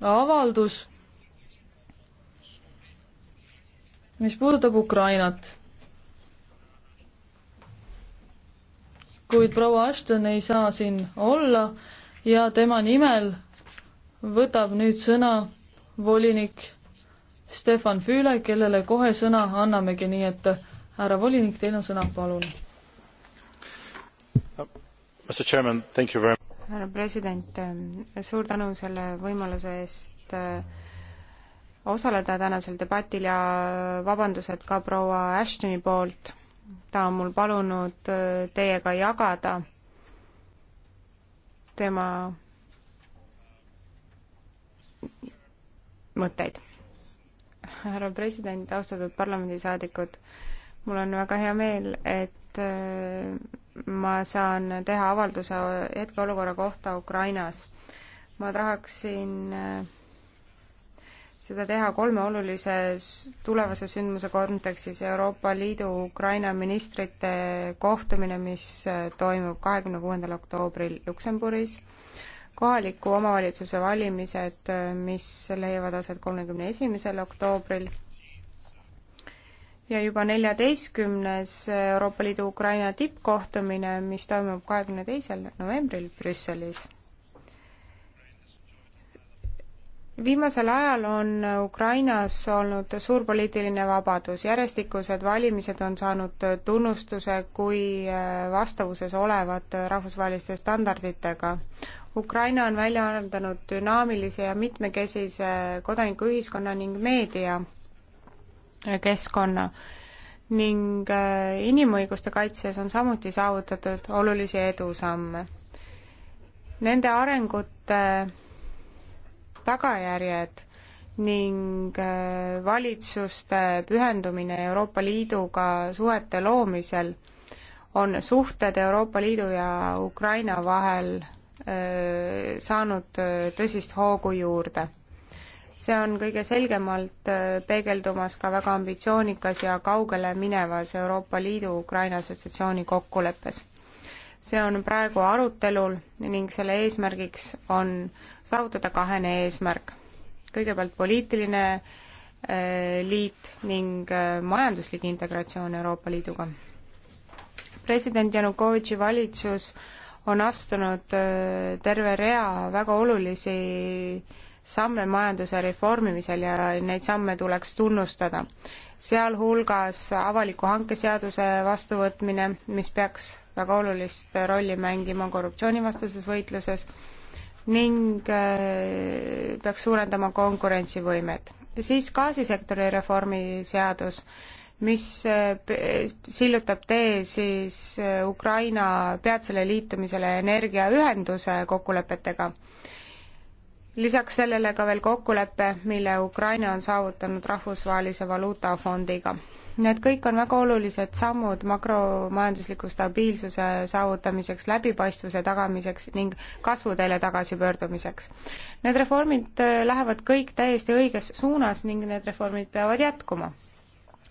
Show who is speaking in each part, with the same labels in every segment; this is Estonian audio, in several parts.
Speaker 1: avaldus,
Speaker 2: mis puudutab Ukrainat. kuid proua Ashton ei saa siin olla ja tema nimel võtab nüüd sõna volinik Stefan Füüle,
Speaker 1: kellele kohe sõna annamegi, nii et härra volinik, teil on sõna, palun.
Speaker 3: Mr Chairman, thank you very much
Speaker 1: härra president, ähm, suur tänu selle võimaluse eest äh, osaleda tänasel debatil ja vabandused ka proua Ashtoni poolt. ta on mul palunud äh, teiega jagada tema mõtteid. härra president, austatud parlamendisaadikud, mul on väga hea meel, et äh, ma saan teha avalduse hetkeolukorra kohta Ukrainas. ma tahaksin äh, seda teha kolme olulise tulevase sündmuse kontekstis Euroopa Liidu Ukraina ministrite kohtumine, mis äh, toimub kahekümne kuuendal oktoobril Luksemburis, kohaliku omavalitsuse valimised, äh, mis leiavad aset kolmekümne esimesel oktoobril ja juba neljateistkümnes Euroopa Liidu Ukraina tippkohtumine, mis toimub kahekümne teisel novembril Brüsselis. viimasel ajal on Ukrainas olnud suur poliitiline vabadus, järjestikused valimised on saanud tunnustuse kui äh, vastavuses olevat rahvusvaheliste standarditega. Ukraina on välja arendanud dünaamilise ja mitmekesise kodanikuühiskonna ning meedia keskkonna ning äh, inimõiguste kaitses on samuti saavutatud olulisi edusamme. Nende arengute tagajärjed ning äh, valitsuste pühendumine Euroopa Liiduga suhete loomisel on suhted Euroopa Liidu ja Ukraina vahel äh, saanud tõsist hoogu juurde see on kõige selgemalt äh, peegeldumas ka väga ambitsioonikas ja kaugele minevas Euroopa Liidu Ukraina assotsiatsiooni kokkuleppes. see on praegu arutelul ning selle eesmärgiks on saavutada kahene eesmärk. kõigepealt poliitiline äh, liit ning äh, majanduslik integratsioon Euroopa Liiduga. president Janukovitši valitsus on astunud terve rea väga olulisi samme majanduse reformimisel ja neid samme tuleks tunnustada. sealhulgas avaliku hanke seaduse vastuvõtmine, mis peaks väga olulist rolli mängima korruptsioonivastases võitluses ning äh, peaks suurendama konkurentsivõimet. siis gaasisektori reformi seadus, mis äh, sillutab tee siis äh, Ukraina peatsele liitumisele energiaühenduse kokkulepetega lisaks sellele ka veel kokkulepe, mille Ukraina on saavutanud Rahvusvahelise Valuutafondiga. Need kõik on väga olulised sammud makromajandusliku stabiilsuse saavutamiseks, läbipaistvuse tagamiseks ning kasvuteele tagasipöördumiseks. Need reformid äh, lähevad kõik täiesti õiges suunas ning need reformid peavad jätkuma.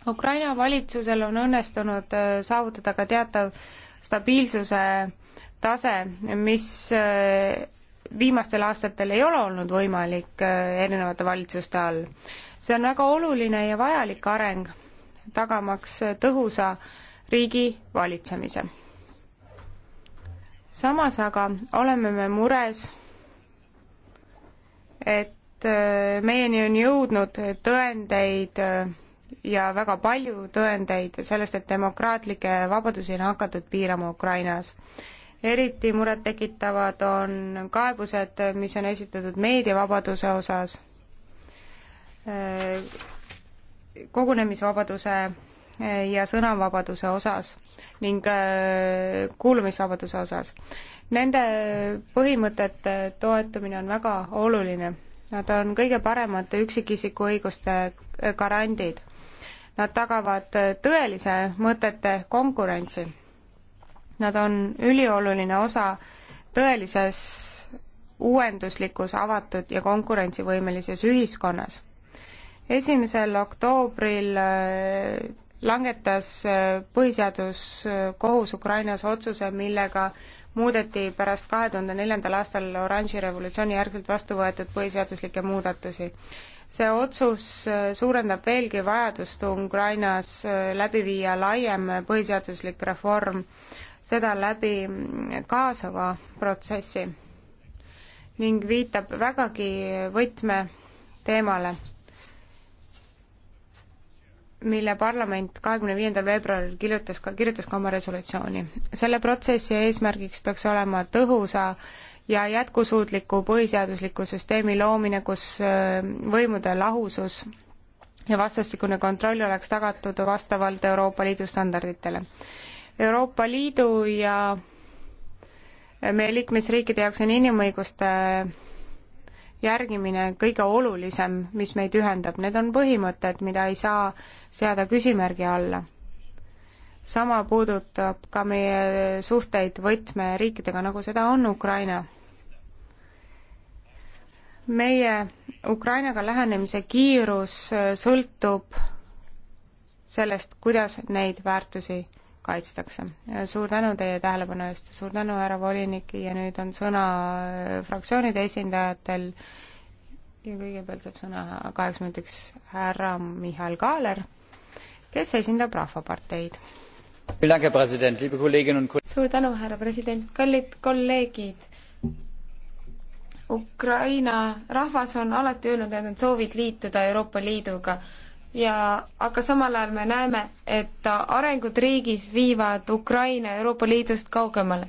Speaker 1: Ukraina valitsusel on õnnestunud äh, saavutada ka teatav stabiilsuse tase, mis äh, viimastel aastatel ei ole olnud võimalik äh, erinevate valitsuste all. see on väga oluline ja vajalik areng, tagamaks äh, tõhusa riigi valitsemise. samas aga oleme me mures, et äh, meieni on jõudnud tõendeid ja väga palju tõendeid sellest, et demokraatlikke vabadusi on hakatud piirama Ukrainas eriti murettekitavad on kaebused, mis on esitatud meediavabaduse osas, äh, kogunemisvabaduse äh, ja sõnavabaduse osas ning äh, kuulumisvabaduse osas. Nende põhimõtete toetumine on väga oluline. Nad on kõige paremad üksikisiku õiguste garandid. Nad tagavad tõelise mõtete konkurentsi Nad on ülioluline osa tõelises uuenduslikus, avatud ja konkurentsivõimelises ühiskonnas. esimesel oktoobril äh, langetas äh, Põhiseaduskohus äh, Ukrainas otsuse, millega muudeti pärast kahe tuhande neljandal aastal oranži revolutsiooni järgselt vastu võetud põhiseaduslikke muudatusi. see otsus suurendab veelgi vajadust Ukrainas läbi viia laiem põhiseaduslik reform seda läbi kaasava protsessi ning viitab vägagi võtmeteemale, mille parlament kahekümne viiendal veebruaril kirjutas ka, kirjutas ka oma resolutsiooni. selle protsessi eesmärgiks peaks olema tõhusa ja jätkusuutliku põhiseadusliku süsteemi loomine, kus äh, võimude lahusus ja vastastikune kontroll oleks tagatud vastavalt Euroopa Liidu standarditele Euroopa Liidu ja meie liikmesriikide jaoks on inimõiguste järgimine kõige olulisem, mis meid ühendab, need on põhimõtted, mida ei saa seada küsimärgi alla. sama puudutab ka meie suhteid võtmeriikidega, nagu seda on Ukraina. meie Ukrainaga lähenemise kiirus sõltub sellest, kuidas neid väärtusi kaitstakse. suur tänu teie tähelepanu eest, suur tänu, härra volinik, ja nüüd on sõna äh, fraktsioonide esindajatel ja kõigepealt saab sõna kaheks minutiks härra Mihhail Kaaler, kes esindab Rahvaparteid. suur tänu, härra president, kallid kolleegid! Ukraina rahvas on alati öelnud, et nad soovid liituda Euroopa Liiduga ja aga samal ajal me näeme, et arengud riigis viivad Ukraina Euroopa Liidust kaugemale.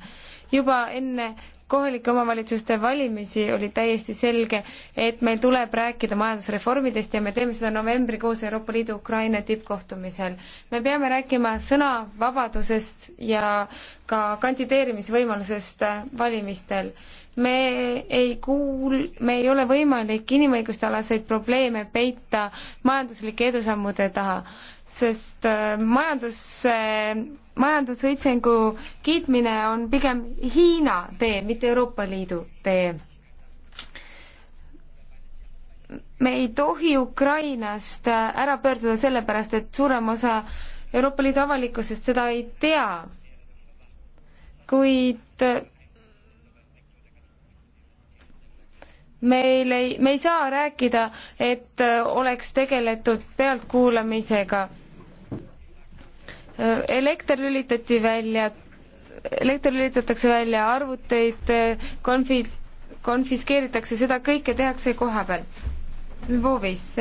Speaker 1: juba enne kohalike omavalitsuste valimisi, oli täiesti selge, et meil tuleb rääkida majandusreformidest ja me teeme seda novembrikuus Euroopa Liidu Ukraina tippkohtumisel. me peame rääkima sõnavabadusest ja ka kandideerimisvõimalusest valimistel. me ei kuul-, me ei ole võimalik inimõiguste alaseid probleeme peita majanduslike edusammude taha sest äh, majandus, majandusõitsengu kiitmine on pigem Hiina tee, mitte Euroopa Liidu tee. me ei tohi Ukrainast äh, ära pöörduda sellepärast, et suurem osa Euroopa Liidu avalikkusest seda ei tea. kuid äh, meil ei, me ei saa rääkida, et äh, oleks tegeletud pealtkuulamisega. Äh, elekter lülitati välja, elekter lülitatakse välja, arvuteid äh, konfi-, konfiskeeritakse, seda kõike tehakse koha peal, Lvovis.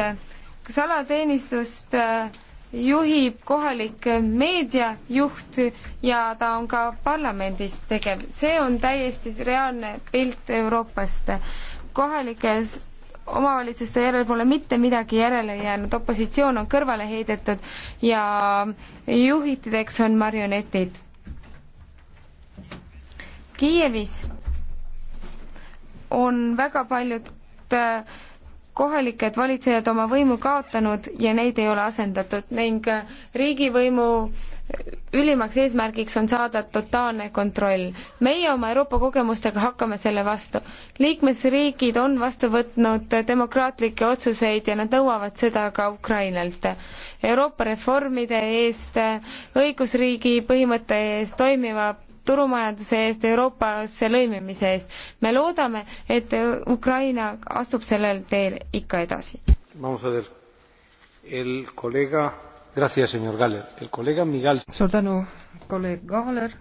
Speaker 1: salateenistust juhib kohalik meediajuht ja ta on ka parlamendis tegev. see on täiesti reaalne pilt Euroopast kohalikes omavalitsuste järel pole mitte midagi järele jäänud, opositsioon on kõrvale heidetud ja juhtideks on marionetid. Kiievis on väga paljud äh, kohalikud valitsejad oma võimu kaotanud ja neid ei ole asendatud ning äh, riigivõimu äh, ülimaks eesmärgiks on saada totaalne kontroll. meie oma Euroopa kogemustega hakkame selle vastu. liikmesriigid on vastu võtnud demokraatlikke otsuseid ja nad nõuavad seda ka Ukrainalt. Euroopa reformide eest, õigusriigi põhimõtte eest, toimiva turumajanduse eest, Euroopasse lõimimise eest. me loodame, et Ukraina astub sellel teel ikka edasi.
Speaker 4: vamos a ver, el colega suur tänu,
Speaker 2: kolleeg Kaaler.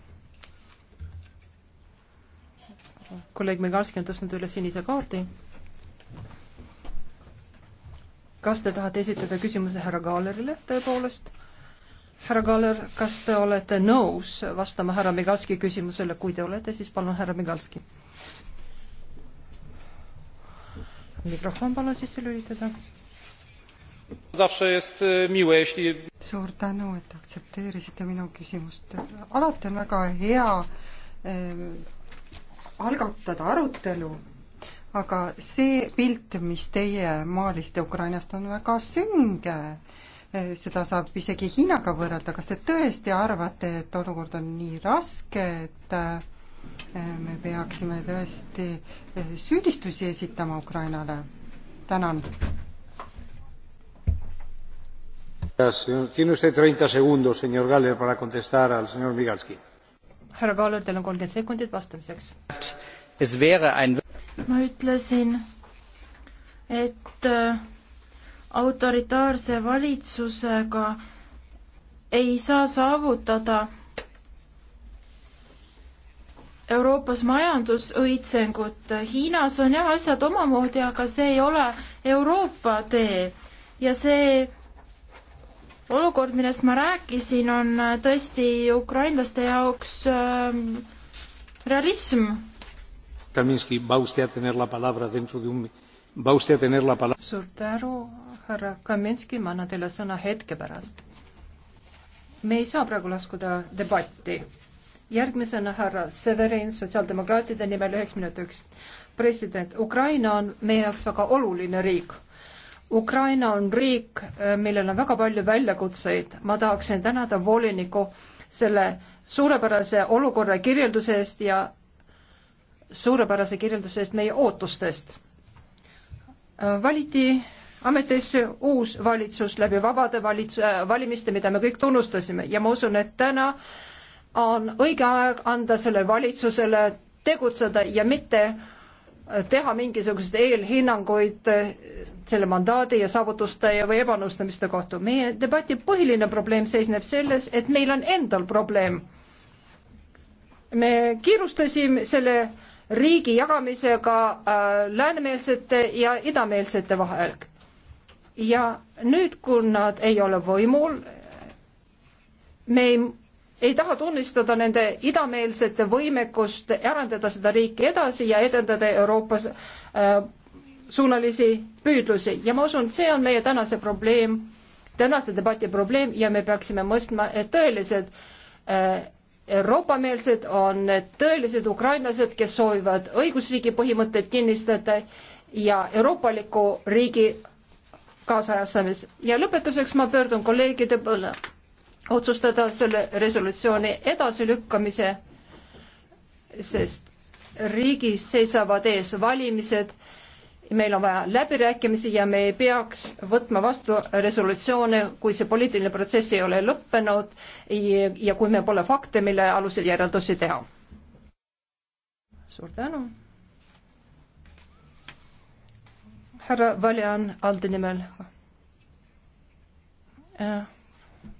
Speaker 2: kolleeg Migalski on tõstnud üle sinise kaardi. kas te tahate esitada küsimuse härra Kaalerile tõepoolest? härra Kaaler, kas te olete nõus vastama härra Migalski küsimusele, kui te olete, siis palun härra Migalski. mikrofon palun sisse lülitada
Speaker 3: suur tänu, et aktsepteerisite minu küsimust. alati on väga hea e, algatada arutelu, aga see pilt, mis teie maalisite Ukrainast, on väga sünge. E, seda saab isegi Hiinaga võrrelda. kas te tõesti arvate, et olukord on nii raske, et e, me peaksime tõesti süüdistusi esitama Ukrainale? tänan
Speaker 4: härra
Speaker 2: Kaaler, teil on kolmkümmend sekundit vastamiseks. ma ütlesin,
Speaker 5: et äh, autoritaarse valitsusega ei saa saavutada Euroopas majandusõitsengut. Hiinas on jah asjad omamoodi, aga see ei ole Euroopa tee ja see olukord, millest ma rääkisin, on äh, tõesti ukrainlaste jaoks äh,
Speaker 2: realism. suur tänu, härra Kaminski, ma annan teile sõna hetke pärast. me ei saa praegu laskuda debatti. järgmisena härra Severin sotsiaaldemokraatide nimel üheks minutiks. president, Ukraina on meie jaoks väga oluline riik Ukraina on riik, äh, millel on väga palju väljakutseid. ma tahaksin tänada voliniku selle suurepärase olukorra kirjelduse eest ja suurepärase kirjelduse eest meie ootustest. Äh, valiti ametisse uus valitsus läbi vabade valits-, äh, valimiste, mida me kõik tunnustasime ja ma usun, et täna on õige aeg anda sellele valitsusele tegutseda ja mitte äh, teha mingisuguseid eelhinnanguid eh, selle mandaadi ja saavutuste ja või ebanõustamiste kohta. meie debati põhiline probleem seisneb selles, et meil on endal probleem. me kiirustasime selle riigi jagamisega äh, läänemeelsete ja idameelsete vahel. ja nüüd, kui nad ei ole võimul, me ei ei taha tunnistada nende idameelsete võimekust arendada seda riiki edasi ja edendada Euroopas äh, suunalisi püüdlusi ja ma usun, see on meie tänase probleem, tänase debati probleem ja me peaksime mõistma, et tõelised äh, Euroopa-meelsed on need tõelised ukrainlased, kes soovivad õigusriigi põhimõtteid kinnistada ja euroopaliku riigi kaasajastamist. ja lõpetuseks ma pöördun kolleegide põlve otsustada selle resolutsiooni edasilükkamise, sest riigis seisavad ees valimised, meil on vaja läbirääkimisi ja me ei peaks võtma vastu resolutsioone, kui see poliitiline protsess ei ole lõppenud ja, ja kui meil pole fakte, mille alusel järeldusi teha. suur tänu. härra Valjan Alde nimel. jah äh,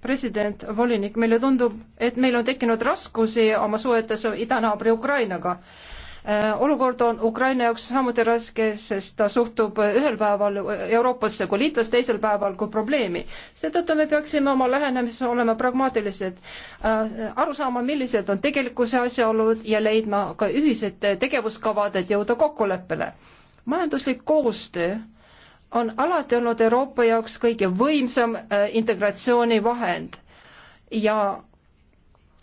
Speaker 2: president, volinik, meile tundub, et meil on tekkinud raskusi oma suhetes idanaabri Ukrainaga. Äh, olukord on Ukraina jaoks samuti raske, sest ta suhtub ühel päeval Euroopasse kui liitlas, teisel päeval kui probleemi. seetõttu me peaksime oma lähenemises olema pragmaatilised, äh, aru saama, millised on tegelikkuse asjaolud ja leidma ka ühised tegevuskavad, et jõuda kokkuleppele. majanduslik koostöö on alati olnud Euroopa jaoks kõige võimsam äh, integratsioonivahend ja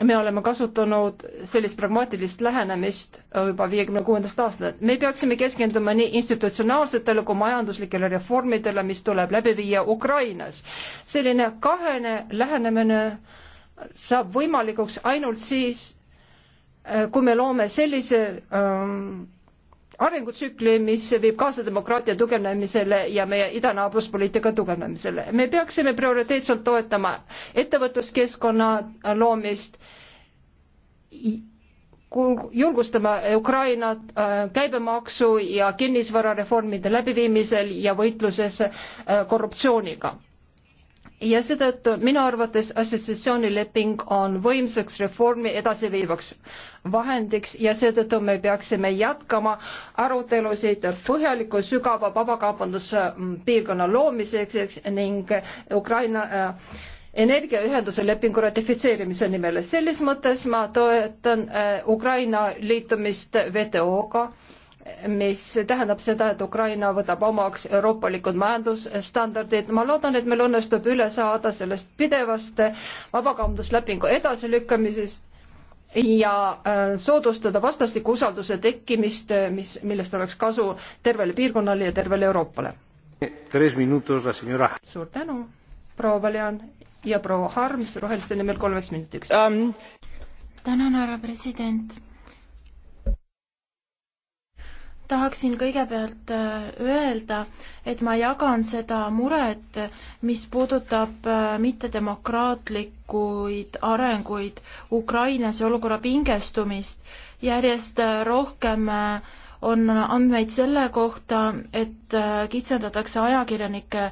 Speaker 2: me oleme kasutanud sellist pragmaatilist lähenemist äh, juba viiekümne kuuendast aastast. me peaksime keskenduma nii institutsionaalsetele kui majanduslikele reformidele, mis tuleb läbi viia Ukrainas. selline kahene lähenemine saab võimalikuks ainult siis, äh, kui me loome sellise ähm, arengutsükli, mis viib kaasa demokraatia tugevnemisele ja meie idanaabruspoliitika tugevnemisele. me peaksime prioriteetselt toetama ettevõtluskeskkonna loomist, julgustama Ukrainat äh, käibemaksu ja kinnisvarareformide läbiviimisel ja võitluses äh, korruptsiooniga ja seetõttu minu arvates assotsiatsioonileping on võimsaks reformi edasiviivaks vahendiks ja seetõttu me peaksime jätkama arutelusid põhjaliku sügava vabakaubanduspiirkonna mm, loomiseks ning Ukraina äh, energiaühenduse lepingu ratifitseerimise nimel. selles mõttes ma toetan äh, Ukraina liitumist WTO-ga äh, mis tähendab seda, et Ukraina võtab omaks euroopalikud majandusstandardid. ma loodan, et meil õnnestub üle saada sellest pidevast vabakaubanduslepingu edasilükkamisest ja äh, soodustada vastastiku usalduse tekkimist, äh, mis, millest oleks kasu tervele piirkonnale ja tervele Euroopale. suur tänu, proua Valjan ja proua Harms roheliste nimel kolmeks minutiks um.... tänan, härra president
Speaker 5: tahaksin kõigepealt äh, öelda, et ma jagan seda muret, mis puudutab äh, mittedemokraatlikuid arenguid Ukrainas ja olukorra pingestumist. järjest äh, rohkem on andmeid selle kohta, et kitsendatakse ajakirjanike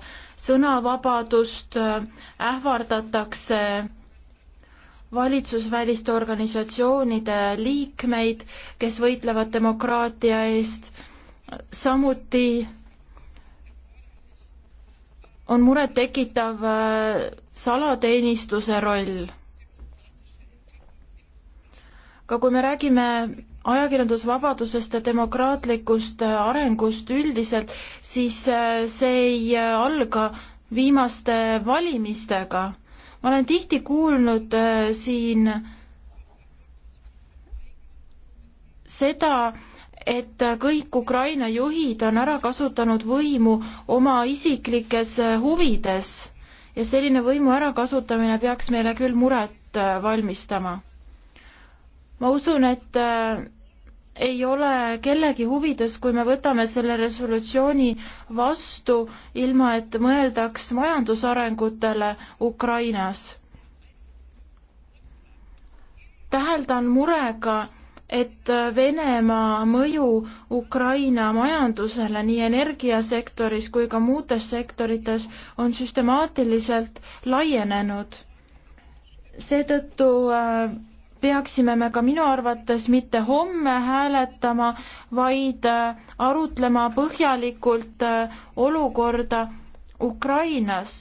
Speaker 5: sõnavabadust, ähvardatakse valitsusväliste organisatsioonide liikmeid, kes võitlevad demokraatia eest, samuti on murettekitav äh, salateenistuse roll. ka kui me räägime ajakirjandusvabadusest ja demokraatlikust äh, arengust üldiselt, siis äh, see ei alga viimaste valimistega ma olen tihti kuulnud äh, siin seda, et kõik Ukraina juhid on ära kasutanud võimu oma isiklikes äh, huvides ja selline võimu ärakasutamine peaks meile küll muret äh, valmistama. ma usun, et ei ole kellegi huvides, kui me võtame selle resolutsiooni vastu, ilma et mõeldaks majandusarengutele Ukrainas. täheldan murega, et Venemaa mõju Ukraina majandusele nii energiasektoris kui ka muudes sektorites on süstemaatiliselt laienenud. seetõttu äh, peaksime me ka minu arvates mitte homme hääletama, vaid äh, arutlema põhjalikult äh, olukorda Ukrainas.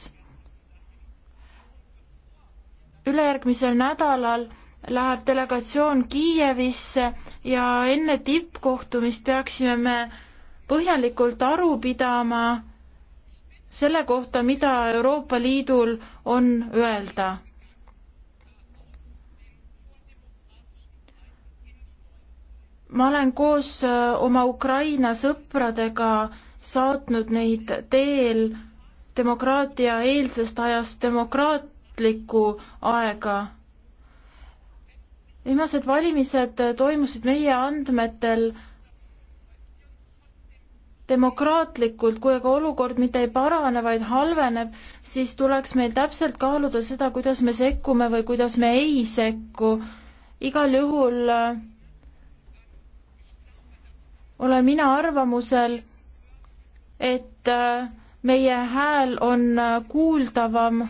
Speaker 5: ülejärgmisel nädalal läheb delegatsioon Kiievisse ja enne tippkohtumist peaksime me põhjalikult aru pidama selle kohta, mida Euroopa Liidul on öelda ma olen koos äh, oma Ukraina sõpradega saatnud neid teel demokraatia eelsest ajast demokraatlikku aega. viimased valimised äh, toimusid meie andmetel demokraatlikult, kui aga olukord mitte ei parane, vaid halveneb, siis tuleks meil täpselt kaaluda seda, kuidas me sekkume või kuidas me ei sekku. igal juhul äh, olen mina arvamusel, et äh, meie hääl on äh, kuuldavam,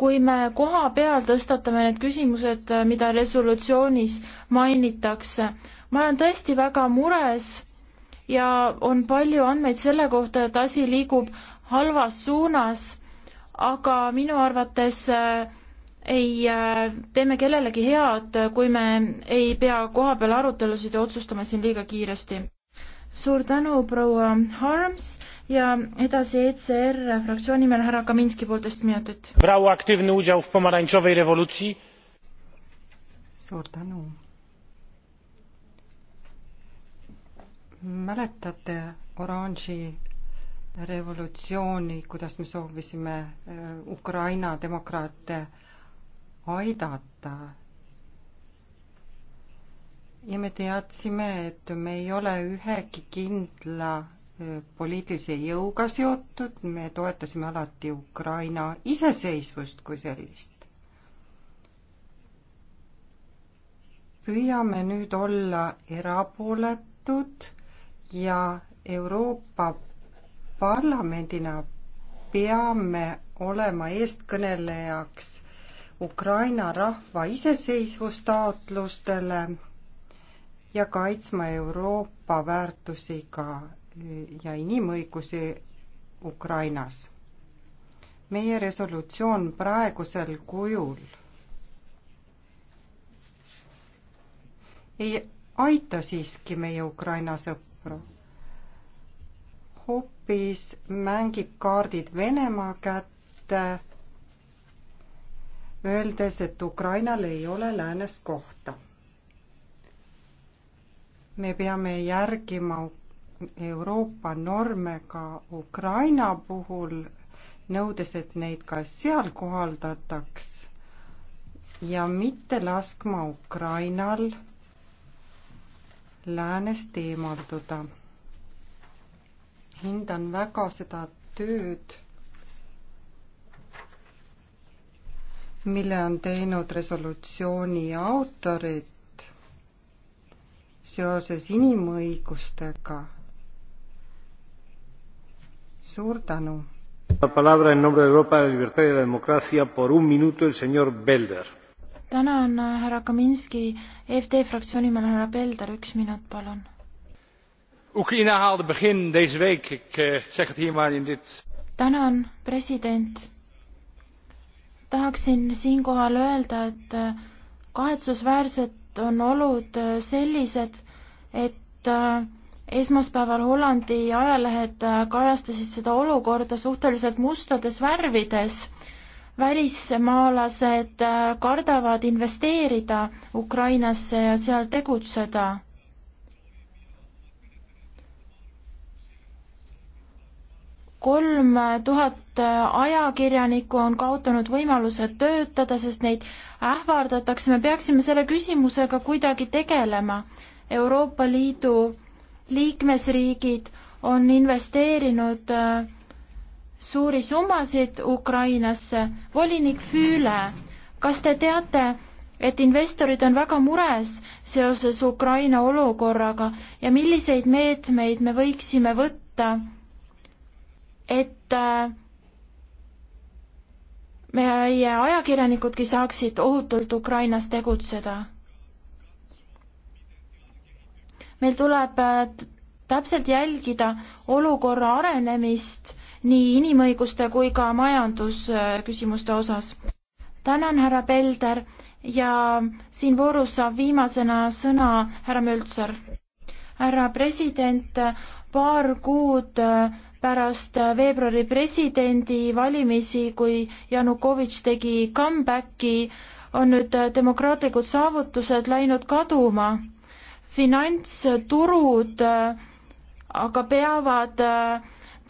Speaker 5: kui me koha peal tõstatame need küsimused, äh, mida resolutsioonis mainitakse. ma olen tõesti väga mures ja on palju andmeid selle kohta, et asi liigub halvas suunas, aga minu arvates äh, ei äh, teeme kellelegi head, kui me ei pea kohapeal arutelusid ja otsustame siin liiga kiiresti. suur tänu, proua Harms ja edasi ECR fraktsiooni nimel härra Kaminski poolteist minutit.
Speaker 3: suur tänu. mäletate oranži revolutsiooni, kuidas me soovisime äh, Ukraina demokraate äh, aidata. ja me teadsime, et me ei ole ühegi kindla poliitilise jõuga seotud, me toetasime alati Ukraina iseseisvust kui sellist. püüame nüüd olla erapooletud ja Euroopa Parlamendina peame olema eestkõnelejaks Ukraina rahva iseseisvustaotlustele ja kaitsma Euroopa väärtusi ka ja inimõigusi Ukrainas. meie resolutsioon praegusel kujul ei aita siiski meie Ukraina sõpru. hoopis mängib kaardid Venemaa kätte öeldes, et Ukrainal ei ole läänes kohta. me peame järgima Euroopa norme ka Ukraina puhul, nõudes, et neid ka seal kohaldataks ja mitte laskma Ukrainal läänest eemalduda. hindan väga seda tööd mille on teinud resolutsiooni autorid seoses inimõigustega. suur tänu. tänan,
Speaker 5: äh, härra Kaminski, EFD fraktsiooni nimel härra Belder, üks minut, palun.
Speaker 4: Oekraïne haalde begin deze week, ik eh, zeg het hier maar in dit.
Speaker 5: tänan, president tahaksin siinkohal öelda, et äh, kahetsusväärselt on olud äh, sellised, et äh, esmaspäeval Hollandi ajalehed kajastasid seda olukorda suhteliselt mustades värvides. välismaalased kardavad investeerida Ukrainasse ja seal tegutseda kolm tuhat ajakirjanikku on kaotanud võimaluse töötada, sest neid ähvardatakse, me peaksime selle küsimusega kuidagi tegelema. Euroopa Liidu liikmesriigid on investeerinud äh, suuri summasid Ukrainasse. volinik Füüle, kas te teate, et investorid on väga mures seoses Ukraina olukorraga ja milliseid meetmeid me võiksime võtta? et äh, meie ajakirjanikudki saaksid ohutult Ukrainas tegutseda. meil tuleb äh, täpselt jälgida olukorra arenemist nii inimõiguste kui ka majandusküsimuste osas. tänan, härra Pelder ja siin voorus saab viimasena sõna härra Möltser. härra president, paar kuud äh, pärast veebruari presidendivalimisi, kui Janukovitš tegi comeback'i, on nüüd demokraatlikud saavutused läinud kaduma. finantsturud äh, aga peavad äh,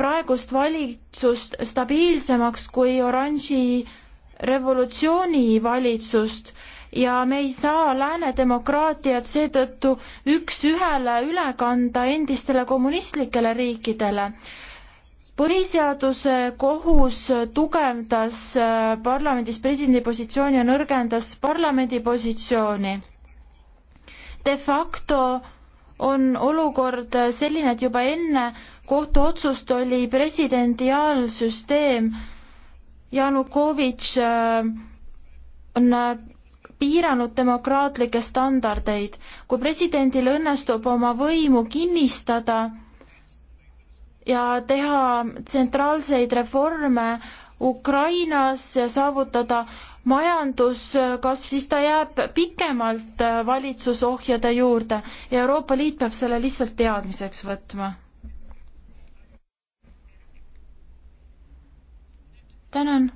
Speaker 5: praegust valitsust stabiilsemaks kui oranži revolutsioonivalitsust ja me ei saa lääne demokraatiat seetõttu üks-ühele üle kanda endistele kommunistlikele riikidele põhiseaduse kohus tugevdas äh, parlamendis presidendi positsiooni ja nõrgendas parlamendi positsiooni. De facto on olukord selline, et juba enne kohtuotsust oli presidendiaalsüsteem Janukovitš äh, on äh, piiranud demokraatlikke standardeid. kui presidendil õnnestub oma võimu kinnistada, ja teha tsentraalseid reforme Ukrainas ja saavutada majanduskasv, siis ta jääb pikemalt äh, valitsusohjade juurde ja Euroopa Liit peab selle lihtsalt teadmiseks võtma. tänan.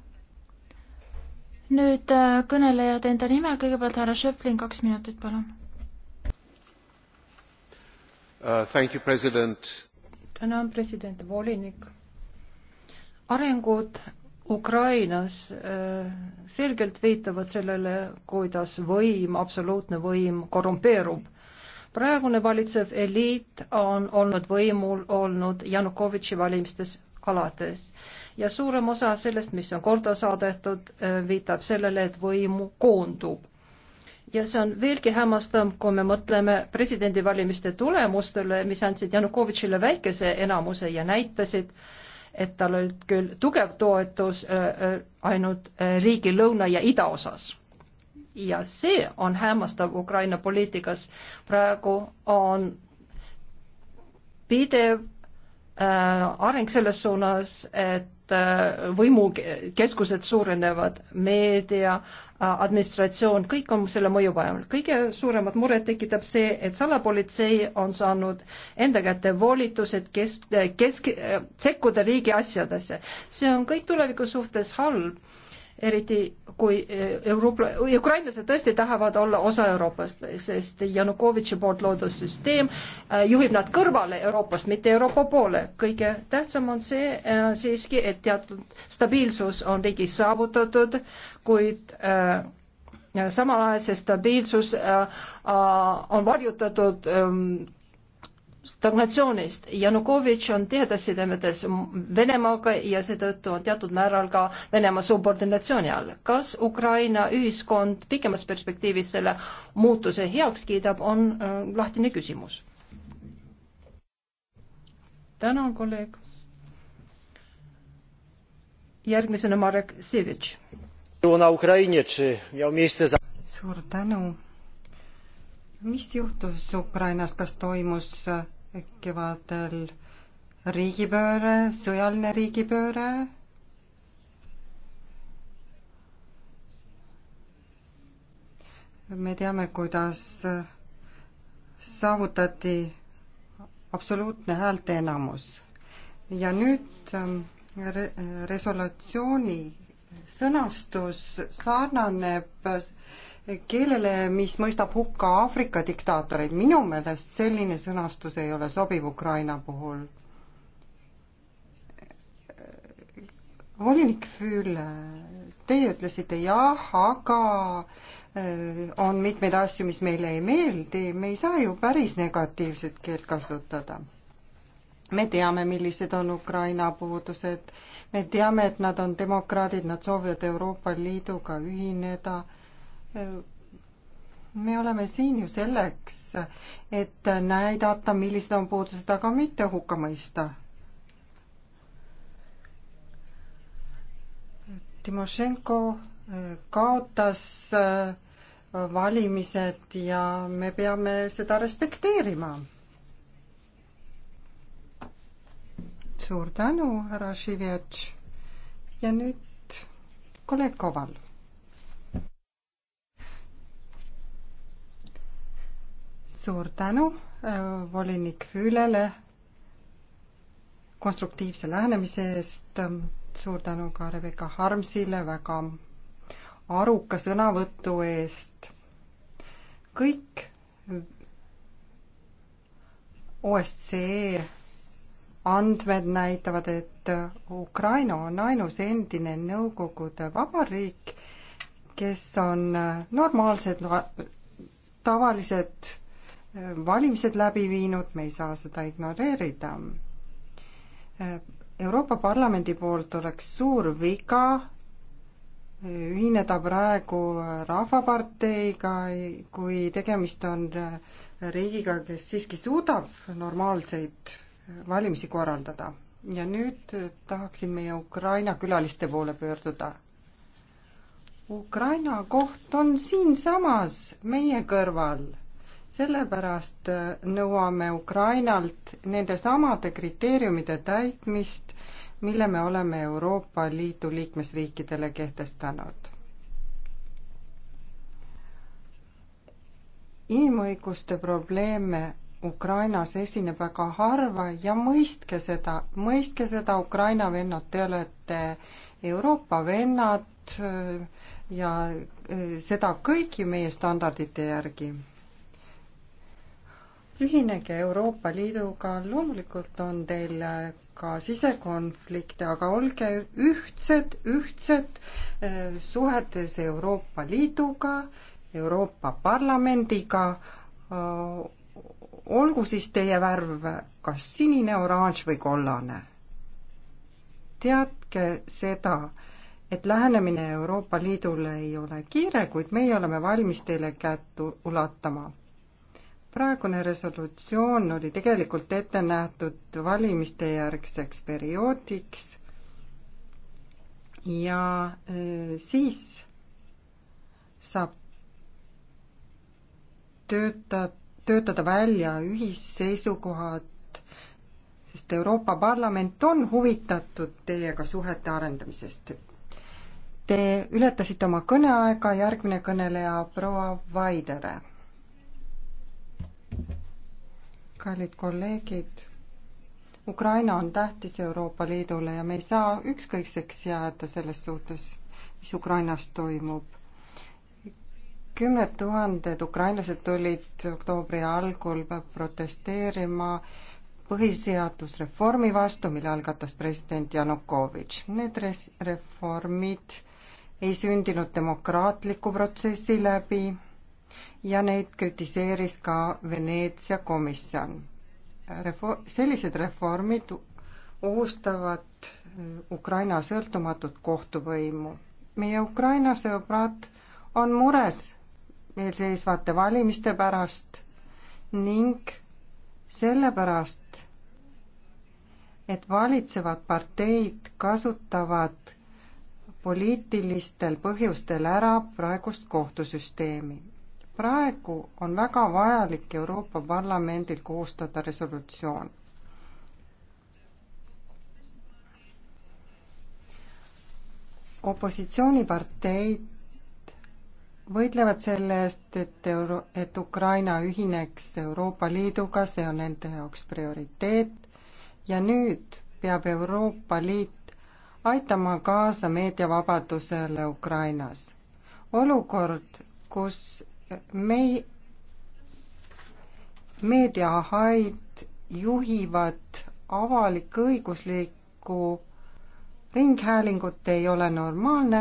Speaker 5: nüüd äh, kõnelejad enda nime, kõigepealt härra
Speaker 2: Šeflin, kaks minutit, palun
Speaker 4: uh,. Thank you, president
Speaker 2: tänan, president, volinik. arengud Ukrainas äh, selgelt viitavad sellele, kuidas võim, absoluutne võim korrumpeerub. praegune valitsev eliit on olnud võimul olnud Janukovitši valimistes alates ja suurem osa sellest, mis on korda saadetud, äh, viitab sellele, et võimu koondub ja see on veelgi hämmastav, kui me mõtleme presidendivalimiste tulemustele, mis andsid Janukovitšile väikese enamuse ja näitasid, et tal oli küll tugev toetus äh, äh, ainult äh, riigi lõuna- ja idaosas. ja see on hämmastav Ukraina poliitikas. praegu on pidev areng selles suunas, et Äh, võimukeskused suurenevad, meedia, äh, administratsioon, kõik on selle mõju vajanud. kõige suuremat muret tekitab see, et salapolitsei on saanud enda kätte volitused kes-, kesk-, äh, sekkuda riigi asjadesse. see on kõik tuleviku suhtes halb eriti kui eh, Euroopa, ukrainlased tõesti tahavad olla osa Euroopast, sest Janukovitši poolt loodud süsteem eh, juhib nad kõrvale Euroopast, mitte Euroopa poole. kõige tähtsam on see eh, siiski, et teatud stabiilsus on riigis saavutatud, kuid samal ajal see stabiilsus on varjutatud ehm, stagnatsioonist. Janukovitš on tihedas sidemetes Venemaaga ja seetõttu on teatud määral ka Venemaa subordinatsiooni all. kas Ukraina ühiskond pikemas perspektiivis selle muutuse heaks kiidab, on äh, lahtine küsimus. tänan, kolleeg. järgmisena Marek Sivitš. suur tänu.
Speaker 3: mis juhtus Ukrainas, kas toimus äh, kevadel riigipööre, sõjaline riigipööre. me teame, kuidas saavutati absoluutne häälte enamus ja nüüd ähm, re-, resolutsiooni sõnastus sarnaneb keelele, mis mõistab hukka Aafrika diktaatoreid. minu meelest selline sõnastus ei ole sobiv Ukraina puhul. volinik Füüle, teie ütlesite jah, aga äh, on mitmeid asju, mis meile ei meeldi, me ei saa ju päris negatiivset keelt kasutada. me teame, millised on Ukraina puudused, me teame, et nad on demokraadid, nad soovivad Euroopa Liiduga ühineda me oleme siin ju selleks, et näidata, millised on puudused, aga mitte hukka mõista. Timošenko eh, kaotas eh, valimised ja me peame seda respekteerima. suur tänu, härra Šivetš. ja nüüd kolleeg Koval suur tänu äh, volinik Füülele konstruktiivse lähenemise eest, ähm, suur tänu ka Rebecca Harmsile väga aruka sõnavõtu eest. kõik OSCE andmed näitavad, et äh, Ukraina on ainus endine Nõukogude vabariik, kes on äh, normaalsed, tavalised valimised läbi viinud, me ei saa seda ignoreerida. Euroopa Parlamendi poolt oleks suur viga ühineda praegu Rahvaparteiga, kui tegemist on riigiga, kes siiski suudab normaalseid valimisi korraldada. ja nüüd tahaksin meie Ukraina külaliste poole pöörduda. Ukraina koht on siinsamas meie kõrval sellepärast äh, nõuame Ukrainalt nendesamade kriteeriumide täitmist, mille me oleme Euroopa Liidu liikmesriikidele kehtestanud. inimõiguste probleeme Ukrainas esineb väga harva ja mõistke seda, mõistke seda Ukraina vennad, te olete Euroopa vennad äh, ja äh, seda kõigi meie standardite järgi ühinege Euroopa Liiduga, loomulikult on teil äh, ka sisekonflikte, aga olge ühtsed, ühtsed äh, suhetes Euroopa Liiduga, Euroopa Parlamendiga, äh, olgu siis teie värv kas sinine, oranž või kollane. teadke seda, et lähenemine Euroopa Liidule ei ole kiire, kuid meie oleme valmis teile kätt ulatama praegune resolutsioon oli tegelikult ette nähtud valimiste järgseks perioodiks ja eh, siis saab tööta, töötada välja ühisseisukohad, sest Euroopa Parlament on huvitatud teiega suhete arendamisest. Te ületasite oma kõneaega, järgmine kõneleja proua Vaidere kallid kolleegid, Ukraina on tähtis Euroopa Liidule ja me ei saa ükskõikseks jääda selles suhtes, mis Ukrainas toimub. kümned tuhanded ukrainlased tulid oktoobri algul protesteerima põhiseadusreformi vastu, mille algatas president Janukovitš. Need res-, reformid ei sündinud demokraatliku protsessi läbi ja neid kritiseeris ka Veneetsia komisjon. Refo-, sellised reformid ohustavad äh, Ukraina sõltumatut kohtuvõimu. meie Ukraina sõbrad on mures eelseisvate valimiste pärast ning sellepärast, et valitsevad parteid kasutavad poliitilistel põhjustel ära praegust kohtusüsteemi praegu on väga vajalik Euroopa Parlamendil koostada resolutsioon. opositsiooniparteid võitlevad selle eest, et euro, et Ukraina ühineks Euroopa Liiduga, see on nende jaoks prioriteet ja nüüd peab Euroopa Liit aitama kaasa meediavabadusele Ukrainas. olukord, kus me, meediahaid juhivad avalik-õiguslikku ringhäälingut ei ole normaalne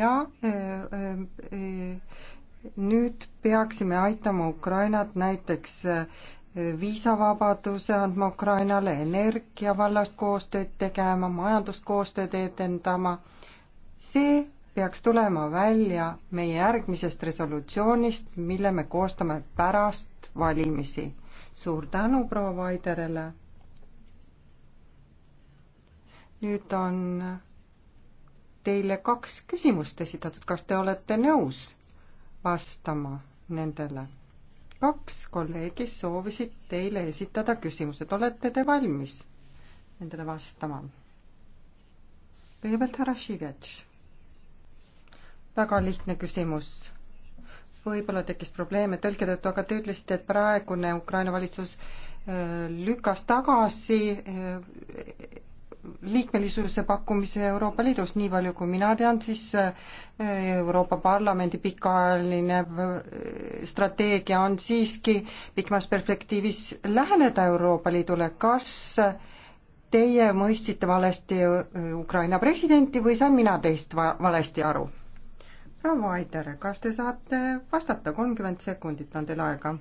Speaker 3: ja e, e, e, nüüd peaksime aitama Ukrainat näiteks viisavabaduse andma Ukrainale, energia vallas koostööd tegema, majanduskoostööd edendama. see peaks tulema välja meie järgmisest resolutsioonist, mille me koostame pärast valimisi. suur tänu proua Vaiderele. nüüd on teile kaks küsimust esitatud, kas te olete nõus vastama nendele? kaks kolleegi soovisid teile esitada küsimused, olete te valmis nendele vastama? kõigepealt härra Šivetš väga lihtne küsimus. võib-olla tekkis probleeme tõlke tõttu, aga te ütlesite, et praegune Ukraina valitsus äh, lükkas tagasi äh, liikmelisuse pakkumise Euroopa Liidus, nii palju kui mina tean, siis äh, Euroopa Parlamendi pikaajaline strateegia on siiski pikemas perspektiivis läheneda Euroopa Liidule, kas teie mõistsite valesti Ukraina presidenti või sain mina teist valesti aru? proua Aider, kas te saate vastata, kolmkümmend sekundit on teil aega.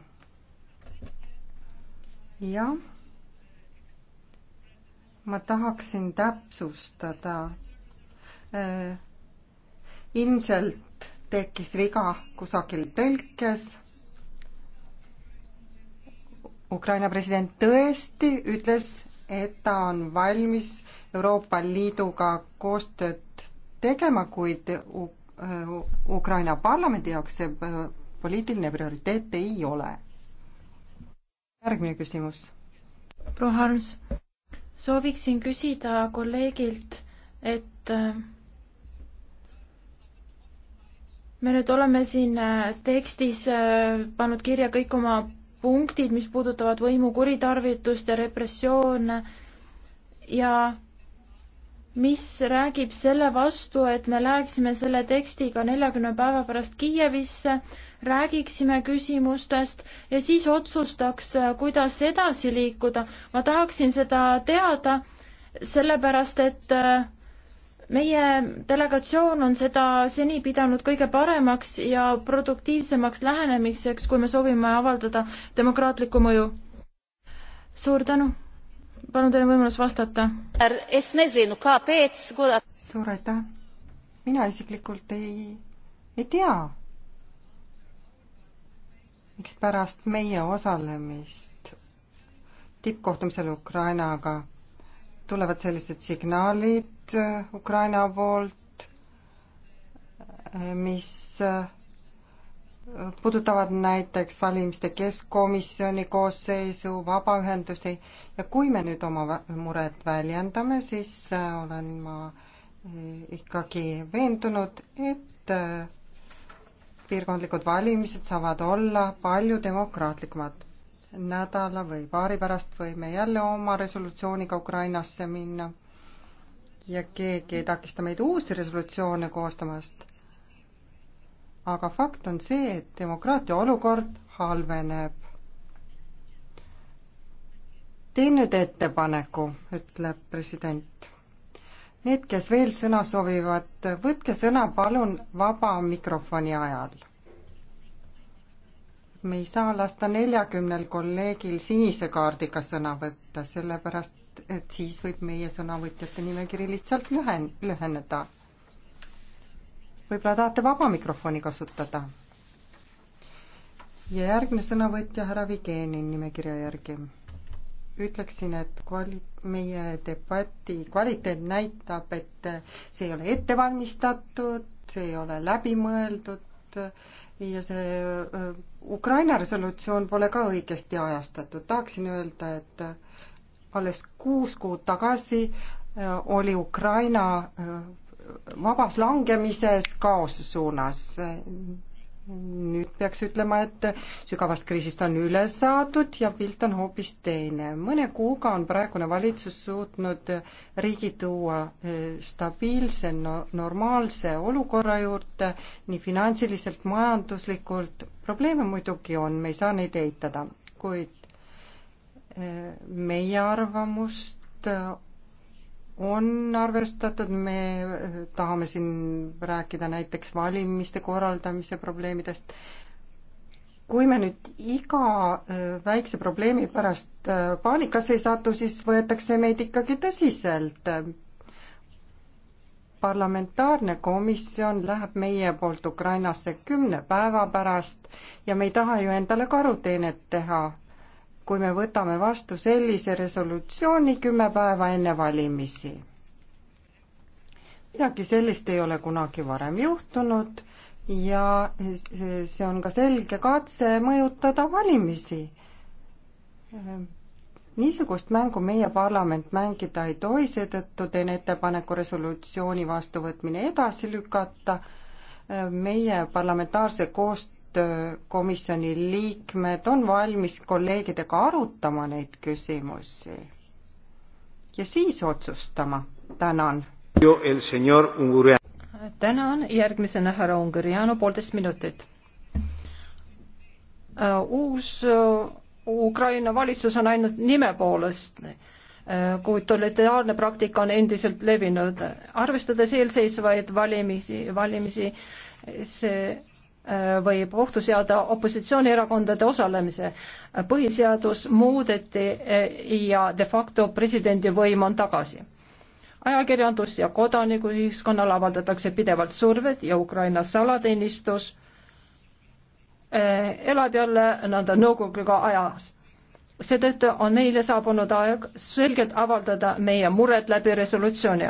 Speaker 3: jah. ma tahaksin täpsustada. Äh, ilmselt tekkis viga kusagil tõlkes Ukraina president tõesti ütles, et ta on valmis Euroopa Liiduga koostööd tegema, kuid Äh, Ukraina parlamendi jaoks see äh, poliitiline prioriteet ei ole. järgmine küsimus. proua Harms, sooviksin küsida kolleegilt, et äh,
Speaker 5: me nüüd oleme siin tekstis pannud kirja kõik oma punktid, mis puudutavad võimu kuritarvitust ja repressioone ja mis räägib selle vastu, et me läheksime selle tekstiga neljakümne päeva pärast Kiievisse, räägiksime küsimustest ja siis otsustaks, kuidas edasi liikuda. ma tahaksin seda teada, sellepärast et äh, meie delegatsioon on seda seni pidanud kõige paremaks ja produktiivsemaks lähenemiseks, kui me soovime avaldada demokraatlikku mõju. suur tänu!
Speaker 3: palun, teil on võimalus vastata. suur aitäh. mina isiklikult ei, ei tea, miks pärast meie osalemist tippkohtumisel Ukrainaga tulevad sellised signaalid äh, Ukraina poolt, äh, mis äh, puudutavad näiteks valimiste keskkomisjoni koosseisu, vabaühendusi ja kui me nüüd oma muret väljendame, siis äh, olen ma äh, ikkagi veendunud, et äh, piirkondlikud valimised saavad olla palju demokraatlikumad. nädala või paari pärast võime jälle oma resolutsiooniga Ukrainasse minna ja keegi ei takista meid uusi resolutsioone koostamast aga fakt on see, et demokraatia olukord halveneb. teen nüüd ettepaneku, ütleb president. Need, kes veel sõna soovivad, võtke sõna palun vaba mikrofoni ajal. me ei saa lasta neljakümnel kolleegil sinise kaardiga sõna võtta, sellepärast et siis võib meie sõnavõtjate nimekiri lihtsalt lühen-, lüheneda võib-olla tahate vaba mikrofoni kasutada? ja järgmine sõnavõtja härra Vigenin nimekirja järgi. ütleksin, et kvali-, meie debati kvaliteet näitab, et see ei ole ettevalmistatud, see ei ole läbimõeldud ja see äh, Ukraina resolutsioon pole ka õigesti ajastatud. tahaksin öelda, et alles kuus kuud tagasi äh, oli Ukraina äh, vabas langemises kaose suunas. nüüd peaks ütlema, et sügavast kriisist on üle saadud ja pilt on hoopis teine. mõne kuuga on praegune valitsus suutnud riigi tuua eh, stabiilse no,, normaalse olukorra juurde nii finantsiliselt, majanduslikult. probleeme muidugi on, me ei saa neid eitada, kuid eh, meie arvamust on arvestatud, me tahame siin rääkida näiteks valimiste korraldamise probleemidest. kui me nüüd iga äh, väikse probleemi pärast äh, paanikasse ei satu, siis võetakse meid ikkagi tõsiselt. parlamentaarne komisjon läheb meie poolt Ukrainasse kümne päeva pärast ja me ei taha ju endale karuteenet teha kui me võtame vastu sellise resolutsiooni kümme päeva enne valimisi. midagi sellist ei ole kunagi varem juhtunud ja see on ka selge katse mõjutada valimisi. niisugust mängu meie parlament mängida ei tohi, seetõttu teen ettepaneku resolutsiooni vastuvõtmine edasi lükata. meie parlamentaarse koostöö Äh, komisjoni liikmed on valmis kolleegidega arutama neid küsimusi
Speaker 2: ja siis otsustama. tänan. tänan, järgmisena härra Unguriano, poolteist minutit. Äh, uus äh, Ukraina valitsus on ainult nime poolest kuid totalitaarne praktika on endiselt levinud. arvestades eelseisvaid valimisi, valimisi, see võib ohtu seada opositsioonierakondade osalemise. põhiseadus muudeti e, ja de facto presidendi võim on tagasi. ajakirjandus ja kodanikuühiskonnal avaldatakse pidevalt survet ja Ukraina salateenistus e, elab jälle nõnda nõukoguga ajas seetõttu on meile saabunud aeg selgelt avaldada meie mured läbi resolutsiooni.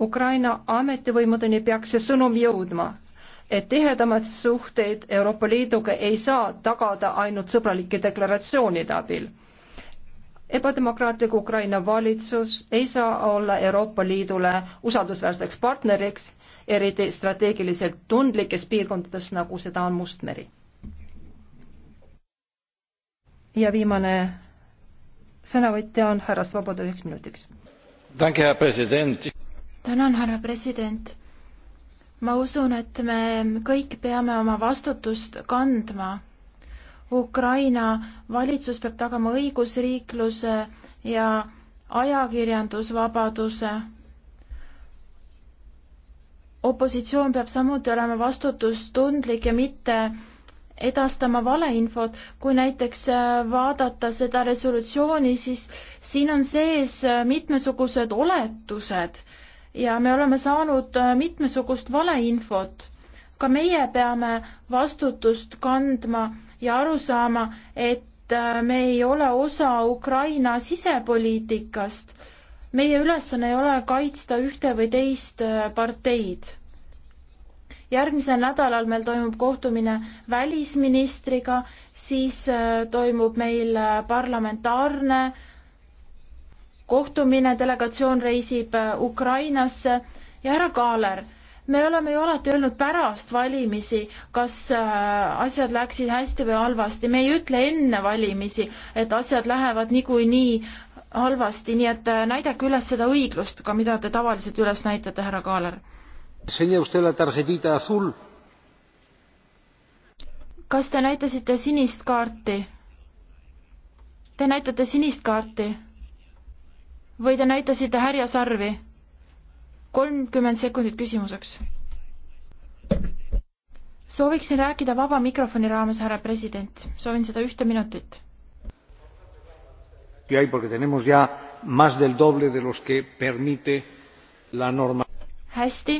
Speaker 2: Ukraina ametivõimudeni peaks see sõnum jõudma et tihedamad suhteid Euroopa Liiduga ei saa tagada ainult sõbralike deklaratsioonide abil. ebademokraatliku Ukraina valitsus ei saa olla Euroopa Liidule usaldusväärseks partneriks, eriti strateegiliselt tundlikes piirkondades, nagu seda on Mustmeri. ja viimane sõnavõtja on härra Svoboda üheks minutiks. tänan, härra president
Speaker 5: ma usun, et me kõik peame oma vastutust kandma. Ukraina valitsus peab tagama õigusriikluse ja ajakirjandusvabaduse. opositsioon peab samuti olema vastutustundlik ja mitte edastama valeinfot, kui näiteks äh, vaadata seda resolutsiooni, siis siin on sees äh, mitmesugused oletused ja me oleme saanud äh, mitmesugust valeinfot. ka meie peame vastutust kandma ja aru saama, et äh, me ei ole osa Ukraina sisepoliitikast. meie ülesanne ei ole kaitsta ühte või teist äh, parteid. järgmisel nädalal meil toimub kohtumine välisministriga, siis toimub meil parlamentaarne kohtumine, delegatsioon reisib äh, Ukrainasse ja härra Kaaler, me oleme ju alati öelnud pärast valimisi, kas äh, asjad läksid hästi või halvasti, me ei ütle enne valimisi, et asjad lähevad niikuinii halvasti, nii et äh, näidake üles seda õiglust ka, mida te tavaliselt üles näitate, härra Kaaler. kas te näitasite sinist kaarti? Te näitate sinist kaarti või te näitasite härjasarvi? kolmkümmend sekundit küsimuseks. sooviksin rääkida vaba mikrofoni raames, härra president, soovin seda ühte minutit. hästi,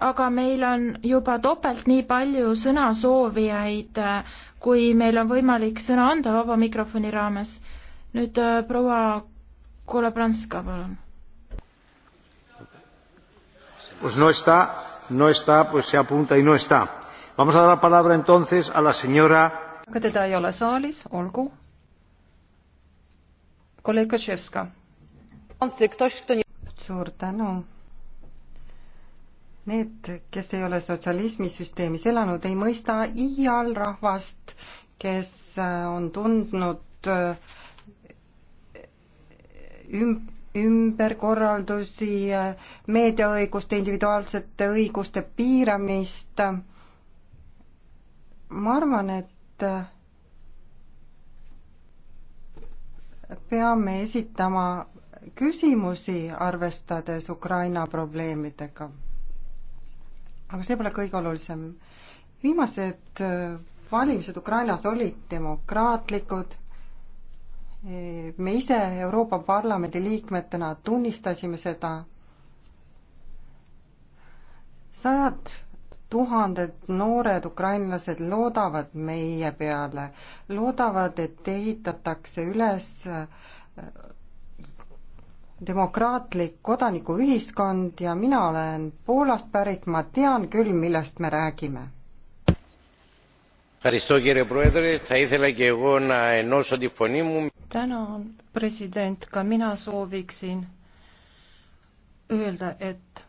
Speaker 5: aga meil on juba topelt nii palju sõnasoovijaid, äh, kui meil on võimalik sõna anda vaba mikrofoni raames. nüüd äh, proua Kolobranska, palun.
Speaker 4: Pues no está, no está, pues se apunta y no está. Vamos a dar la palabra entonces a la señora.
Speaker 2: aga teda ei ole saalis, olgu. kolleeg Kaševska. suur tänu.
Speaker 3: Need, kes ei ole sotsialismisüsteemis elanud, ei mõista iial rahvast, kes äh, on tundnud äh, üm-, ümberkorraldusi, meediaõiguste, individuaalsete õiguste piiramist. ma arvan, et peame esitama küsimusi, arvestades Ukraina probleemidega. aga see pole kõige olulisem. viimased valimised Ukrainas olid demokraatlikud me ise Euroopa Parlamendi liikmetena tunnistasime seda. sajad tuhanded noored ukrainlased loodavad meie peale, loodavad, et ehitatakse üles äh, demokraatlik kodanikuühiskond ja mina olen Poolast pärit, ma tean küll, millest me räägime
Speaker 2: tänan president ka mina sooviksin öelda et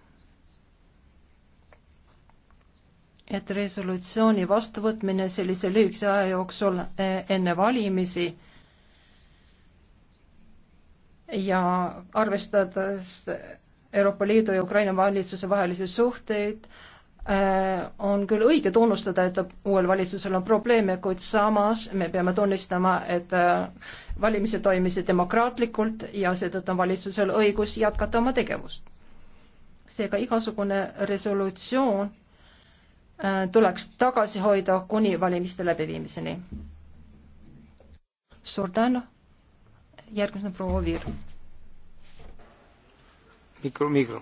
Speaker 2: et resolutsiooni vastuvõtmine sellise lühikese aja jooksul eh, enne valimisi ja arvestades Euroopa Liidu ja Ukraina valitsuse vahelisi suhteid Äh, on küll õige tunnustada, et uuel valitsusel on probleeme, kuid samas me peame tunnistama, et äh, valimised toimisid demokraatlikult ja seetõttu on valitsusel õigus jätkata oma tegevust. seega igasugune resolutsioon äh, tuleks tagasi hoida kuni valimiste läbiviimiseni. suur tänu, järgmisena proua Oviir.
Speaker 4: mikro, mikro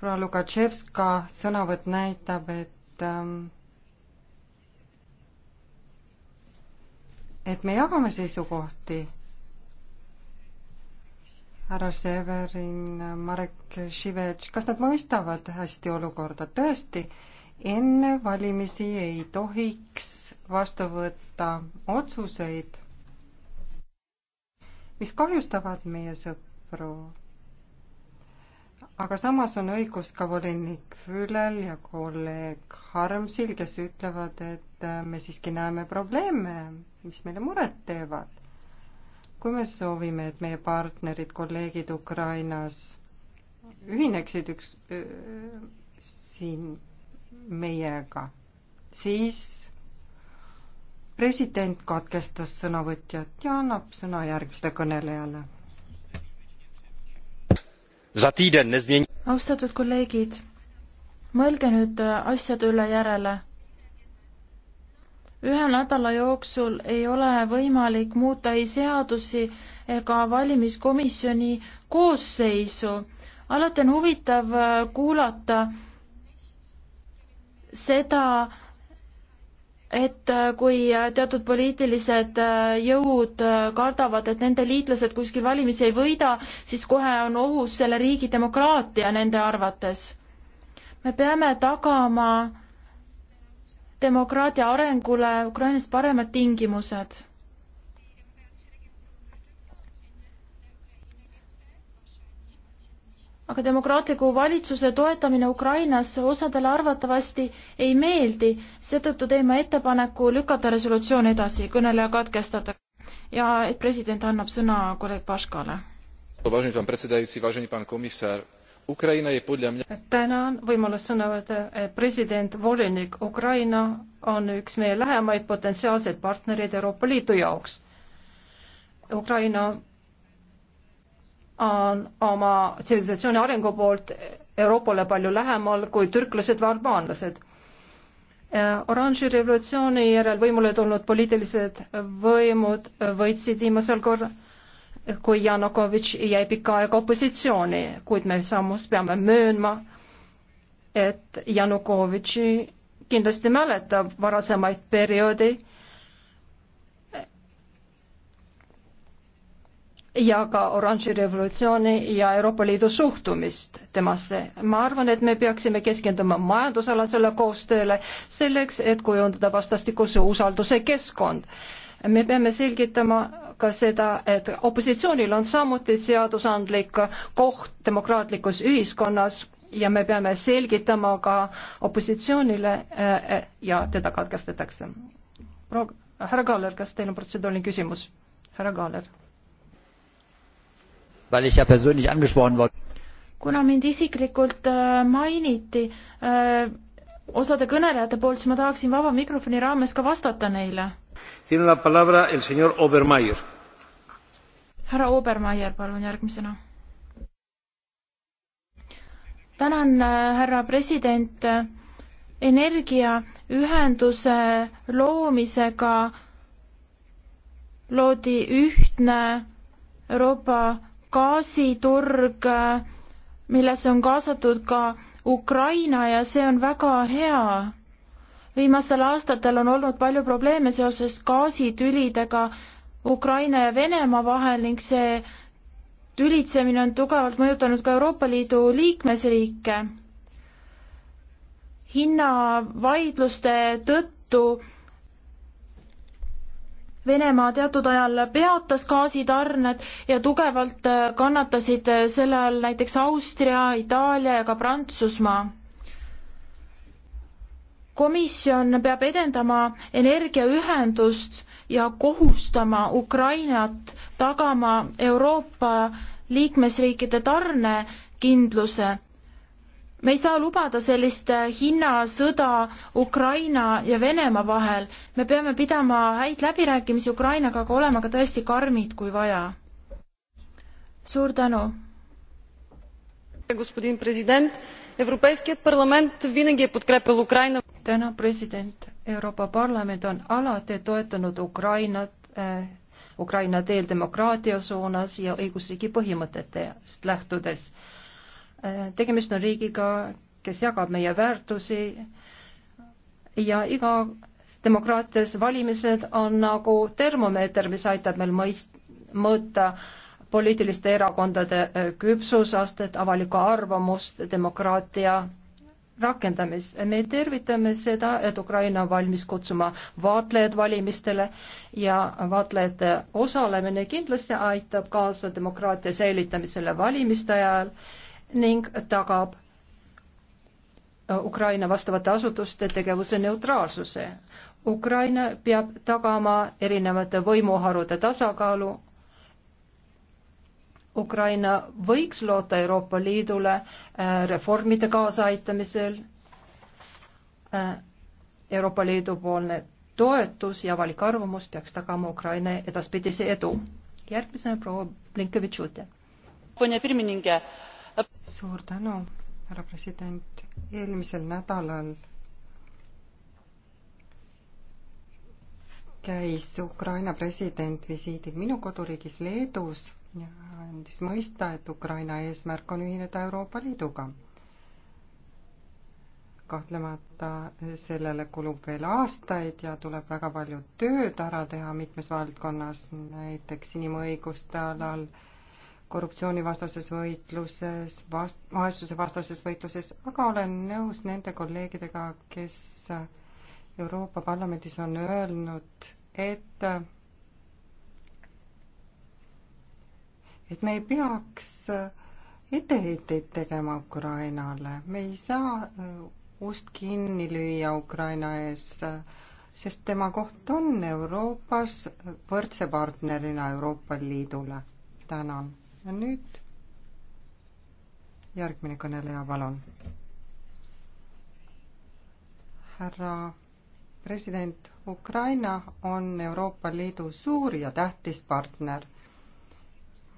Speaker 3: proua Lukatševska sõnavõtt näitab, et ähm, et me jagame seisukohti. härra Severin, Marek Šivetš, kas nad mõistavad hästi olukorda? tõesti, enne valimisi ei tohiks vastu võtta otsuseid, mis kahjustavad meie sõpru aga samas on õigus ka volinik Füülel ja kolleeg Harmsil, kes ütlevad, et äh, me siiski näeme probleeme, mis meile muret teevad. kui me soovime, et meie partnerid, kolleegid Ukrainas ühineksid üks äh, siin meiega, siis president katkestas sõnavõtjat ja annab sõna järgmisele kõnelejale austatud kolleegid,
Speaker 5: mõelge nüüd äh, asjade üle järele. ühe nädala jooksul ei ole võimalik muuta ei seadusi ega valimiskomisjoni koosseisu. alati on huvitav äh, kuulata seda, et äh, kui äh, teatud poliitilised äh, jõud kardavad, et nende liitlased kuskil valimisi ei võida, siis kohe on ohus selle riigi demokraatia nende arvates. me peame tagama demokraatia arengule Ukrainas paremad tingimused aga demokraatliku valitsuse toetamine Ukrainas osadele arvatavasti ei meeldi, seetõttu teeme ettepaneku lükata resolutsioon edasi, kõneleja katkestada ja et president annab sõna kolleeg Paškale.
Speaker 2: tänan võimalust sõna võtta, eh, president, volinik, Ukraina on üks meie lähemaid potentsiaalseid partnereid Euroopa Liidu jaoks. Ukraina on oma tsivilisatsiooni arengu poolt Euroopale palju lähemal kui türklased või albaanlased. oranži revolutsiooni järel võimule tulnud poliitilised võimud võitsid viimasel korral, kui Janukovitš jäi pikka aega opositsiooni, kuid me samas peame möönma, et Janukovitši kindlasti mäletab varasemaid perioodi, ja ka oranži revolutsiooni ja Euroopa Liidu suhtumist temasse. ma arvan, et me peaksime keskenduma majandusalasele koostööle selleks, et kujundada vastastikuse usalduse keskkond. me peame selgitama ka seda, et opositsioonil on samuti seadusandlik koht demokraatlikus ühiskonnas ja me peame selgitama ka opositsioonile eh, ja teda katkestatakse. härra Kaaler, kas teil on protseduuriline küsimus? härra Kaaler kuna mind isiklikult äh, mainiti
Speaker 5: äh, osade kõnelejate poolt, siis ma tahaksin vaba mikrofoni raames ka vastata neile. härra Obermeier, palun järgmisena. tänan, äh, härra president. energiaühenduse loomisega loodi ühtne Euroopa gaasiturg, millesse on kaasatud ka Ukraina ja see on väga hea. viimastel aastatel on olnud palju probleeme seoses gaasitülidega Ukraina ja Venemaa vahel ning see tülitsemine on tugevalt mõjutanud ka Euroopa Liidu liikmesriike. hinnavaidluste tõttu Venemaa teatud ajal peatas gaasitarned ja tugevalt äh, kannatasid äh, selle all näiteks Austria, Itaalia ja ka Prantsusmaa. komisjon peab edendama energiaühendust ja kohustama Ukrainat tagama Euroopa liikmesriikide tarnekindluse me ei saa lubada sellist äh, hinnasõda Ukraina ja Venemaa vahel. me peame pidama häid läbirääkimisi Ukrainaga, aga olema ka tõesti karmid, kui vaja.
Speaker 2: suur tänu. täna president, Euroopa Parlament on alati toetanud Ukrainat äh, Ukraina teel demokraatia suunas ja õigusriigi põhimõtetest lähtudes äh, tegemist on riigiga, kes jagab meie väärtusi ja iga demokraatias valimised on nagu termomeeter, mis aitab meil mõist-, mõõta poliitiliste erakondade äh, küpsusastet, avalikku arvamust, demokraatia rakendamist. me tervitame seda, et Ukraina on valmis kutsuma vaatlejad valimistele ja vaatlejate osalemine kindlasti aitab kaasa demokraatia säilitamisele valimiste ajal ning tagab äh, Ukraina vastavate asutuste tegevuse neutraalsuse. Ukraina peab tagama erinevate võimuharude tasakaalu. Ukraina võiks loota Euroopa Liidule äh, reformide kaasaaitamisel. Äh, Euroopa Liidu poolne toetus ja avalik arvamus peaks tagama Ukraina edaspidise edu. järgmisena proua Blinkevitš-Jute suur tänu, härra president.
Speaker 3: eelmisel nädalal käis Ukraina president visiidil minu koduriigis Leedus ja andis mõista, et Ukraina eesmärk on ühineda Euroopa Liiduga. kahtlemata sellele kulub veel aastaid ja tuleb väga palju tööd ära teha mitmes valdkonnas, näiteks inimõiguste alal äh,, korruptsioonivastases võitluses, vast-, vaesusevastases võitluses, aga olen nõus nende kolleegidega, kes Euroopa Parlamendis on öelnud, et et me ei peaks etteheiteid tegema Ukrainale, me ei saa ust kinni lüüa Ukraina ees, sest tema koht on Euroopas võrdse partnerina Euroopa Liidule. tänan ja nüüd järgmine kõneleja, palun. härra president, Ukraina on Euroopa Liidu suur ja tähtis partner.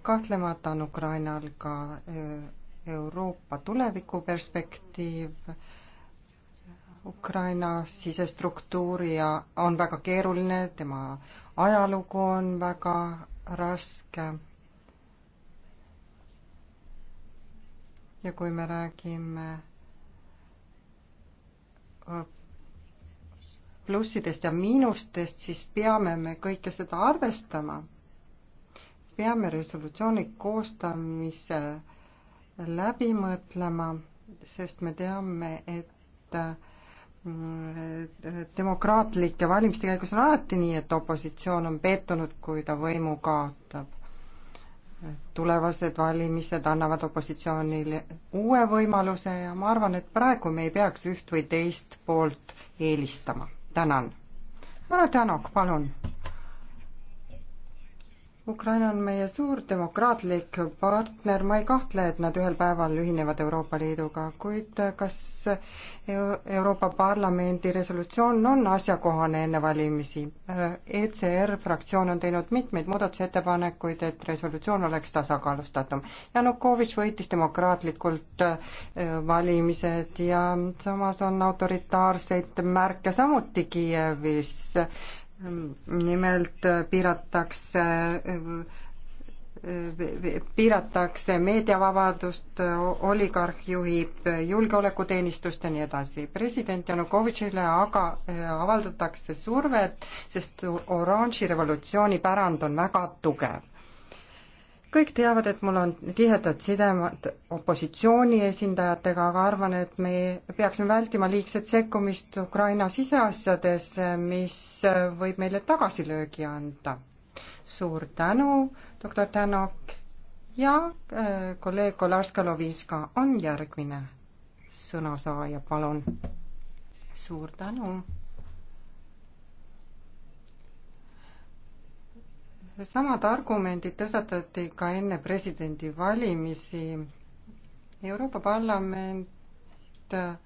Speaker 3: kahtlemata on Ukrainal ka e, Euroopa tulevikuperspektiiv. Ukraina sisestruktuuri ja on väga keeruline, tema ajalugu on väga raske ja kui me räägime äh, plussidest ja miinustest, siis peame me kõike seda arvestama. peame resolutsiooni koostamise läbi mõtlema, sest me teame, et äh, demokraatlike valimiste käigus on alati nii, et opositsioon on pettunud, kui ta võimu kaotab tulevased valimised annavad opositsioonile uue võimaluse ja ma arvan, et praegu me ei peaks üht või teist poolt eelistama. tänan. härra Tänok, palun Ukraina on meie suur demokraatlik partner, ma ei kahtle, et nad ühel päeval ühinevad Euroopa Liiduga, kuid kas Euroopa Parlamendi resolutsioon on asjakohane enne valimisi? ECR fraktsioon on teinud mitmeid muudatusettepanekuid, et resolutsioon oleks tasakaalustatum. Janukovitš võitis demokraatlikult äh, valimised ja samas on autoritaarseid märke samuti Kiievis nimelt äh, piiratakse äh, äh, piiratakse meediavabadust, oligarh juhib julgeolekuteenistust ja nii edasi. president Janukovitšile aga avaldatakse survet, sest oranži revolutsiooni pärand on väga tugev kõik teavad, et mul on tihedad sidemad opositsiooni esindajatega, aga arvan, et me peaksime vältima liigset sekkumist Ukraina siseasjadesse, mis võib meile tagasilöögi anda. suur tänu, doktor Tänok ja äh, kolleeg Kolarska-Loviska on järgmine sõnasaaja, palun. suur tänu samad argumendid tõstatati ka enne presidendivalimisi. Euroopa Parlament äh,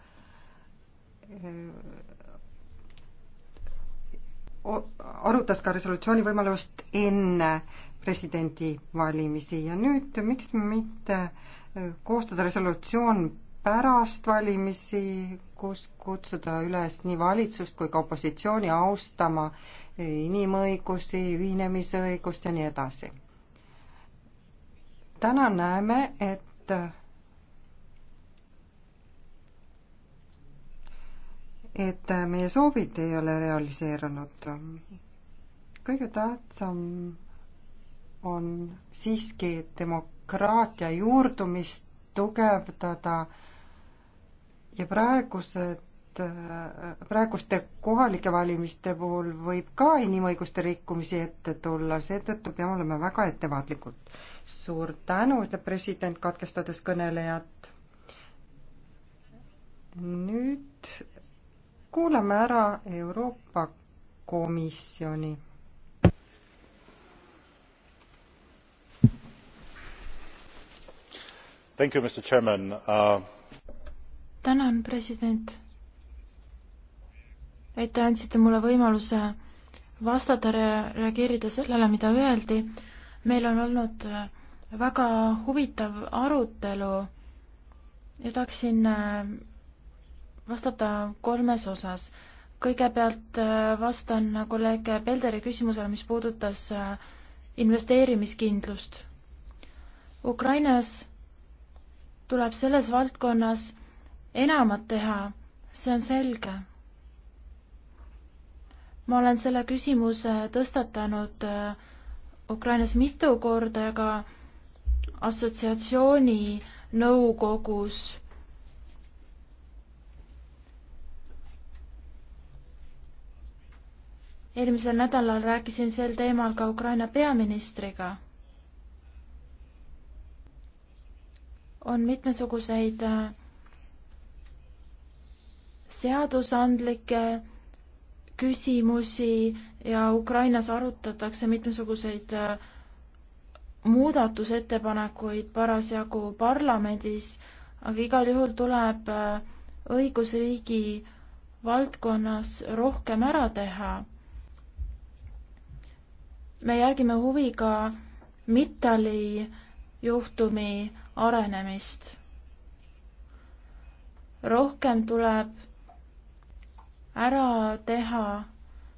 Speaker 3: arutas ka resolutsiooni võimalust enne presidendivalimisi ja nüüd miks mitte äh, koostada resolutsioon pärast valimisi, kus kutsuda üles nii valitsust kui ka opositsiooni austama inimõigusi, ühinemisõigust ja nii edasi. täna näeme, et et meie soovid ei ole realiseerunud. kõige tähtsam on siiski demokraatia juurdumist tugevdada ja praegused Äh, praeguste kohalike valimiste puhul võib ka inimõiguste rikkumisi ette tulla, seetõttu peame olema väga ettevaatlikud. suur tänu, ütleb president, katkestades kõnelejat. nüüd kuulame ära Euroopa Komisjoni You, uh...
Speaker 5: tänan president et te andsite mulle võimaluse vastata, reageerida sellele, mida öeldi. meil on olnud äh, väga huvitav arutelu ja tahaksin äh, vastata kolmes osas. kõigepealt äh, vastan kolleeg Pelderi küsimusele, mis puudutas investeerimiskindlust. Ukrainas tuleb selles valdkonnas enamat teha, see on selge ma olen selle küsimuse tõstatanud äh, Ukrainas mitu korda ja ka assotsiatsiooni nõukogus. eelmisel nädalal rääkisin sel teemal ka Ukraina peaministriga. on mitmesuguseid äh, seadusandlikke küsimusi ja Ukrainas arutatakse mitmesuguseid äh, muudatusettepanekuid parasjagu parlamendis, aga igal juhul tuleb äh, õigusriigi valdkonnas rohkem ära teha. me järgime huviga Mittali juhtumi arenemist. rohkem tuleb ära teha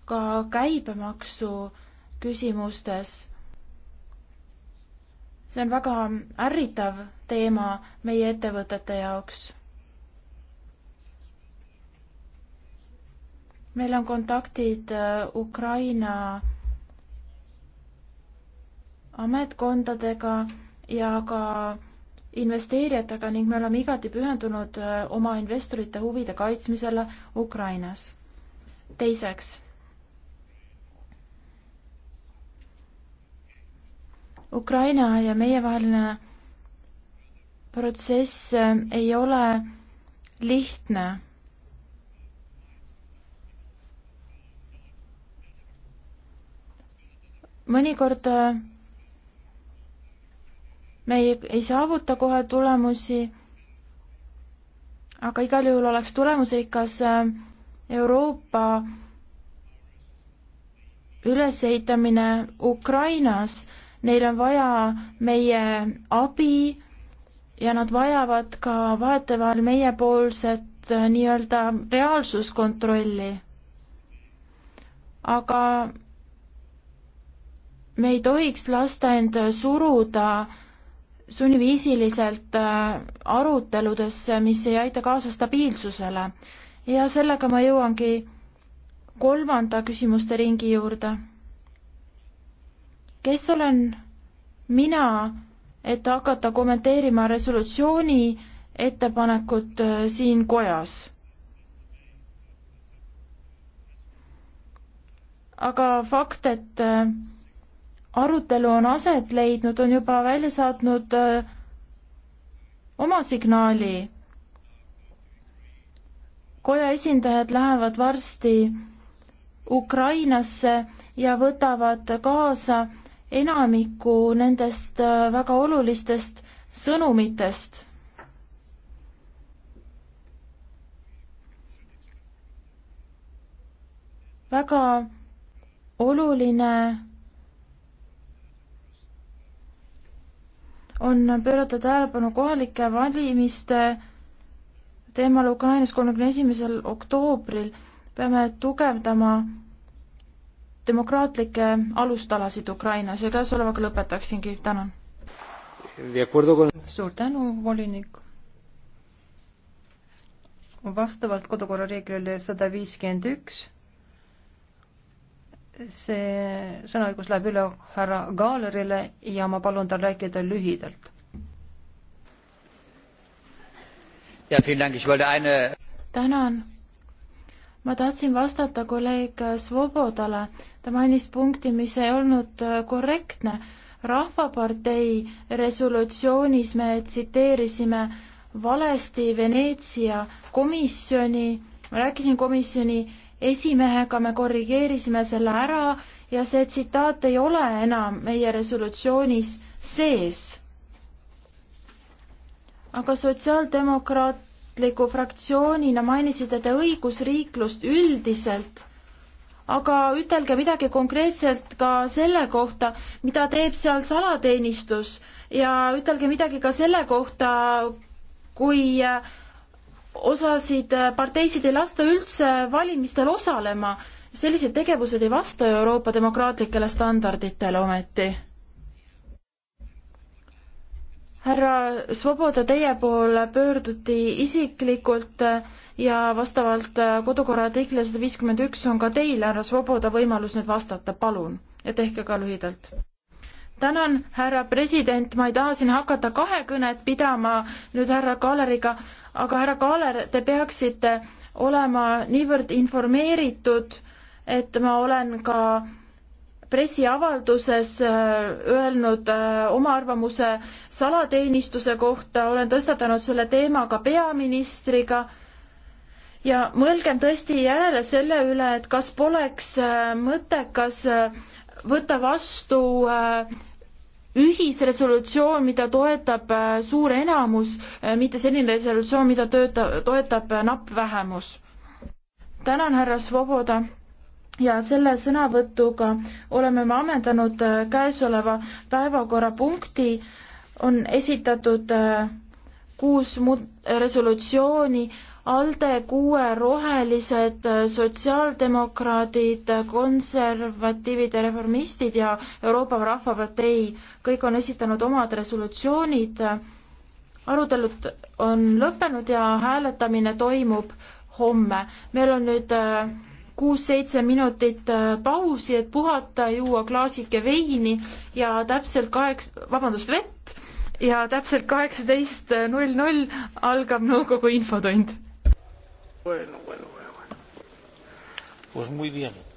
Speaker 5: ka käibemaksu küsimustes. see on väga ärritav teema meie ettevõtete jaoks. meil on kontaktid äh, Ukraina ametkondadega ja ka investeerijatega ning me oleme igati pühendunud äh, oma investorite huvide kaitsmisele Ukrainas. teiseks. Ukraina ja meievaheline protsess äh, ei ole lihtne mõnikord äh, me ei, ei saavuta kohe tulemusi, aga igal juhul oleks tulemusrikas äh, Euroopa ülesehitamine Ukrainas. Neil on vaja meie abi ja nad vajavad ka vahetevahel meiepoolset äh, nii-öelda reaalsuskontrolli. aga me ei tohiks lasta end suruda äh, sunniviisiliselt äh, aruteludesse, mis ei aita kaasa stabiilsusele. ja sellega ma jõuangi kolmanda küsimuste ringi juurde. kes olen mina, et hakata kommenteerima resolutsiooni ettepanekut äh, siin kojas? aga fakt, et äh, arutelu on aset leidnud, on juba välja saatnud äh, oma signaali. koja esindajad lähevad varsti Ukrainasse ja võtavad kaasa enamiku nendest äh, väga olulistest sõnumitest. väga oluline on pöörata tähelepanu kohalike valimiste teemal Ukrainas kolmekümne esimesel oktoobril. peame tugevdama demokraatlikke alustalasid Ukrainas ja käesolevaga lõpetaksingi, tänan.
Speaker 2: suur tänu, volinik. vastavalt kodukorra reeglile sada viiskümmend üks see sõnaõigus läheb üle härra Gaalerile ja ma palun tal rääkida lühidalt.
Speaker 6: Eine...
Speaker 5: tänan. ma tahtsin vastata kolleeg Svobodale. ta mainis punkti, mis ei olnud korrektne. rahvapartei resolutsioonis me tsiteerisime valesti Veneetsia komisjoni, ma rääkisin komisjoni esimehega me korrigeerisime selle ära ja see tsitaat ei ole enam meie resolutsioonis sees. aga sotsiaaldemokraatliku fraktsioonina mainisite te õigusriiklust üldiselt aga ütelge midagi konkreetselt ka selle kohta, mida teeb seal salateenistus ja ütelge midagi ka selle kohta, kui osasid äh, parteisid ei lasta üldse valimistel osalema. sellised tegevused ei vasta ju Euroopa demokraatlikele standarditele ometi. härra Svoboda, teie poole pöörduti isiklikult äh, ja vastavalt äh, kodukorra artiklile sada viiskümmend üks on ka teil, härra Svoboda, võimalus nüüd vastata, palun, ja tehke ka lühidalt tänan, härra president, ma ei taha siin hakata kahekõnet pidama nüüd härra Kaaleriga, aga härra Kaaler, te peaksite olema niivõrd informeeritud, et ma olen ka pressiavalduses äh, öelnud äh, oma arvamuse salateenistuse kohta, olen tõstatanud selle teema ka peaministriga ja mõelgem tõesti järele selle üle, et kas poleks äh, mõttekas võtta vastu ühisresolutsioon, mida toetab äh, suur enamus, äh, mitte selline resolutsioon, mida tööta-, toetab äh, napp vähemus. tänan, härra Svoboda ja selle sõnavõtuga oleme me ammendanud käesoleva päevakorrapunkti, on esitatud kuus mu-, resolutsiooni ALDE, kuue rohelised, sotsiaaldemokraadid, konservatiivid ja reformistid ja Euroopa Rahvapartei, kõik on esitanud omad resolutsioonid. arutelud on lõppenud ja hääletamine toimub homme. meil on nüüd äh, kuus-seitse minutit äh, pausi, et puhata, juua klaasike veini ja täpselt kaheks, vabandust, vett ja täpselt kaheksateist null null algab nõukogu infotund
Speaker 4: Bueno, bueno, bueno, bueno. Pues muy bien.